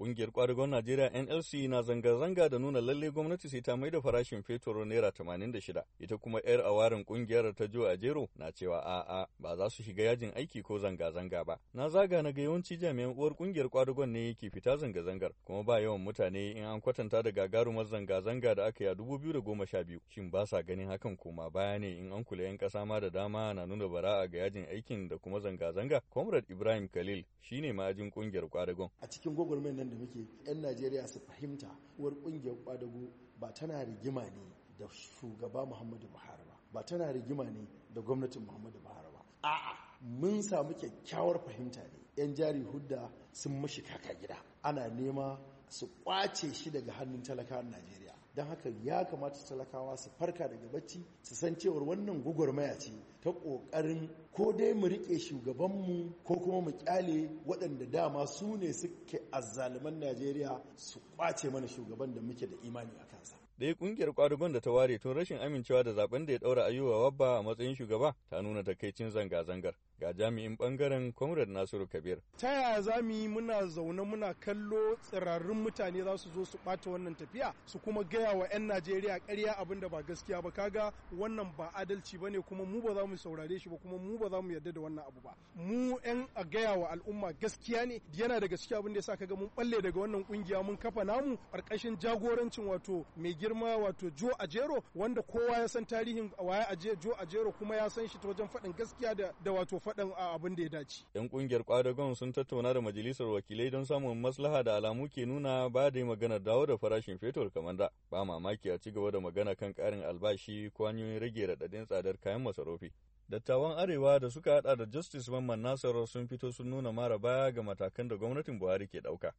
Ƙungiyar ƙwarigon Najeriya NLC na zanga-zanga da nuna lalle gwamnati sai ta maida farashin fetur naira tamanin da shida. Ita kuma 'yar awarin ƙungiyar ta jo a jero na cewa a'a ba za su shiga yajin aiki ko zanga-zanga ba. Na zaga na ga yawanci jami'an uwar ƙungiyar ƙwarigon ne yake fita zanga-zangar kuma ba yawan mutane in an kwatanta da gagarumar zanga-zanga da aka yi a dubu biyu da goma sha biyu. Shin ba sa ganin hakan koma baya ne in an kula 'yan ƙasa ma da dama na nuna bara'a ga yajin aikin da kuma zanga-zanga. Comrade Ibrahim Khalil shine ma'ajin ƙungiyar ƙwarigon. A cikin gwagwarmayar da muke yan najeriya su fahimta uwar kungiyar kwadago ba tana rigima ne da shugaba muhammadu buhari ba ba tana rigima ne da gwamnatin muhammadu buhari ba a'a mun samu kyakkyawar fahimta ne yan jari hudda sun mashi kaka gida ana nema su kwace shi daga hannun talakawan najeriya don haka ya kamata talakawa su farka daga bacci su san cewar wannan maya ce ta ƙoƙarin ko dai mu riƙe shugabanmu ko kuma mu ƙyale waɗanda dama su ne suke azzaluman Najeriya su ƙwace mana shugaban da muke da imani a kansa. dai ƙungiyar ƙwadugon da ta ware tun rashin amincewa da zaben da ya ɗaura ayyuwa wabba a matsayin shugaba ta nuna takaicin zanga-zangar. Ga jami'in ɓangaren Comrade Nasiru Kabir. Ta yaya za mu yi muna zaune muna kallo tsirarrun mutane za su zo su ɓata wannan tafiya su kuma gaya wa 'yan Najeriya karya abin da ba gaskiya ba kaga wannan ba adalci ba ne kuma mu ba za mu mu saurare shi ba kuma mu ba za mu yarda da wannan abu ba mu yan a gaya wa al'umma gaskiya ne yana daga cikin abin da ya sa kaga mun balle daga wannan kungiya mun kafa namu karkashin jagorancin wato mai girma wato Jo Ajero wanda kowa ya san tarihin waye aje Jo Ajero kuma ya san shi ta wajen faɗin gaskiya da da wato faɗin abin da ya dace yan kungiyar kwadagon sun tattauna da majalisar wakilai don samun maslaha da alamu ke nuna ba da magana dawo da farashin fetur kamar da ba mamaki a ci gaba da magana kan karin albashi ko hanyoyin rage raɗaɗin tsadar kayan masarufi Dattawan Arewa da suka hada da Justice Mamman Nasarar sun fito sun nuna mara baya ga matakan da gwamnatin Buhari ke dauka.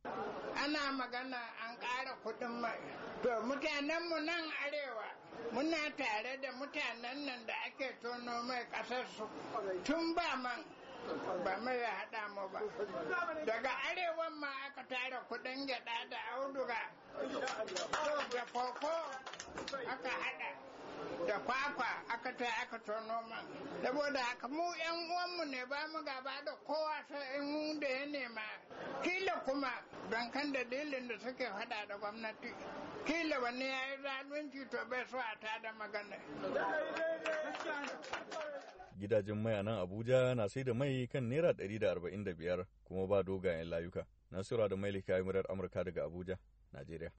Ana magana an ƙara kuɗin mai. To mutanenmu nan Arewa muna tare da mutanen nan da ake tono mai ƙasar su tun ba man ba mai ya haɗa mu ba. Daga arewan ma aka tara kuɗin gyaɗa da auduga da koko aka haɗa. da kwakwa aka ta aka tono man saboda haka mu yan uwanmu ne ba mu gaba da kowa sai in da ya nema kila kuma don kan dalilin da suke hada da gwamnati kila wani ya yi zalunci to bai so a tada magana gidajen mai nan abuja na sai da mai kan naira biyar kuma ba dogayen layuka nasura da mai lika murar amurka daga abuja najeriya